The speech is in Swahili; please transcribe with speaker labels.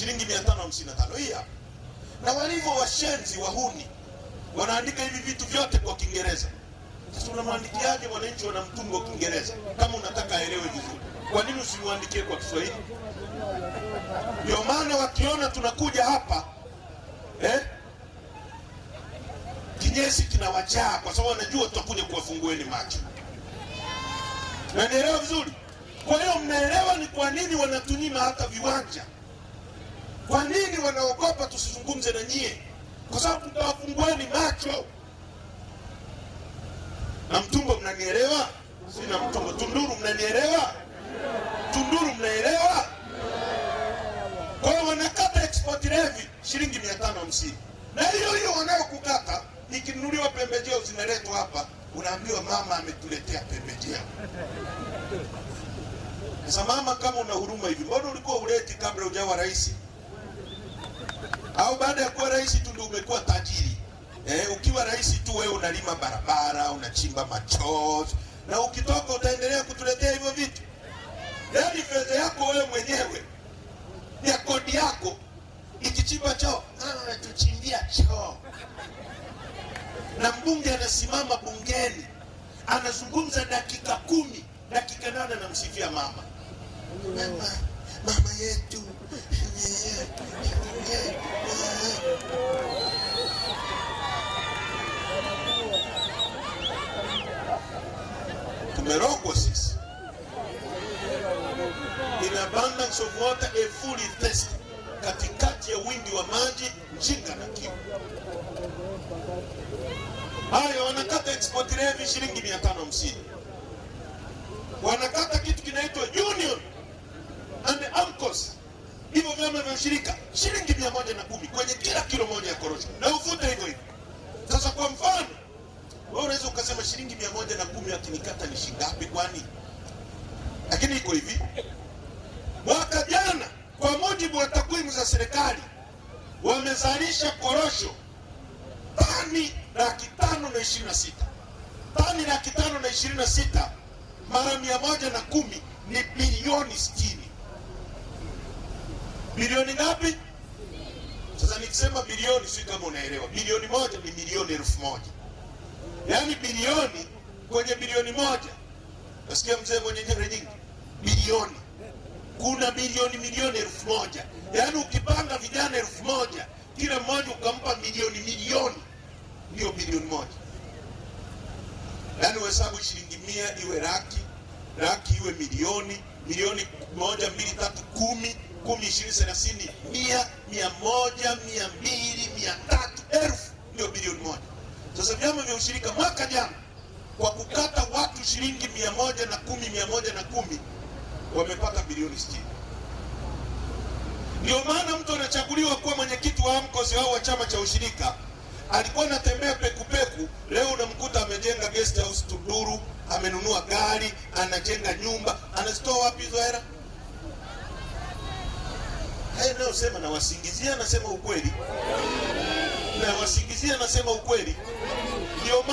Speaker 1: shilingi 555 hii Na walivyo washenzi wahuni, wanaandika hivi vitu vyote kwa Kiingereza. Sasa unamwandikiaje wananchi wana mtungo wa Kiingereza kama unataka aelewe vizuri? Kwa nini usimwandikie kwa Kiswahili? Ndio maana wakiona tunakuja hapa eh, kinyesi kinawachaa kwa sababu wanajua tutakuja kuwafungueni macho. Nanielewa vizuri? Kwa hiyo mnaelewa ni kwa nini wanatunyima hata viwanja. Kwa nini wanaogopa tusizungumze na nyie? Kwa sababu tutawafungueni macho na Mtumbo, mnanielewa? Sina Mtumbo, Tunduru, mnanielewa? Tunduru, mnaelewa? Kwa wanakata export revi shilingi hamsini na hiyo hiyo wanayokukata ikinunuliwa pembejeo zinaletwa hapa, unaambiwa mama ametuletea pembejeo. Sasa mama, kama una huruma hivi, mbona ulikuwa uleti kabla ujawa rahisi au baada ya kuwa rais tu ndio umekuwa tajiri eh? Ukiwa rais tu wewe unalima barabara, unachimba machozi, na ukitoka utaendelea kutuletea hivyo vitu. Yaani fedha yako wewe mwenyewe ya kodi yako ikichimba choo, ah, choo, na mbunge anasimama bungeni anazungumza dakika kumi, dakika nane anamsifia mama, mama mama yetu tumerogwa sisi, in abundance of water a fully thirsty, katikati ya wingi wa maji, njinga na kiu. Haya wanakata export levy shilingi 550. moja na kumi kwenye kila kilo moja ya korosho na ufute hivyo hivyo. Sasa kwa mfano, wewe unaweza ukasema shilingi mia moja na kumi akinikata ni shingapi? Kwani lakini iko hivi, mwaka jana kwa mujibu wa takwimu za serikali wamezalisha korosho tani laki tano na ishirini na sita tani laki tano na ishirini na sita mara mia moja na kumi ni bilioni sitini. Bilioni ngapi? Sasa nikisema bilioni, si kama unaelewa, bilioni moja ni milioni elfu moja yaani bilioni kwenye bilioni moja. Nasikia mzee mwenye nyere nyingi, bilioni kuna bilioni milioni elfu moja yaani ukipanga vijana elfu moja kila mmoja ukampa milioni milioni, ndiyo bilioni moja. Yaani uhesabu shilingi mia iwe laki, laki iwe milioni, milioni moja, mbili, tatu, kumi kumi, ishirini, thelathini, mia, mia moja, mia mbili, mia tatu, elfu ndio bilioni moja. Sasa vyama vya ushirika mwaka jana kwa kukata watu shilingi mia moja na kumi mia moja na kumi wamepata bilioni sitini. Ndio maana mtu anachaguliwa kuwa mwenyekiti wa amkosi au wa chama cha ushirika, alikuwa anatembea pekupeku, leo unamkuta amejenga guest house Tunduru, amenunua gari, anajenga nyumba, anazitoa wapi hizo hela? haya nayosema nawasingizia, nasema ukweli, nawasingizia, nasema ukweli, ndio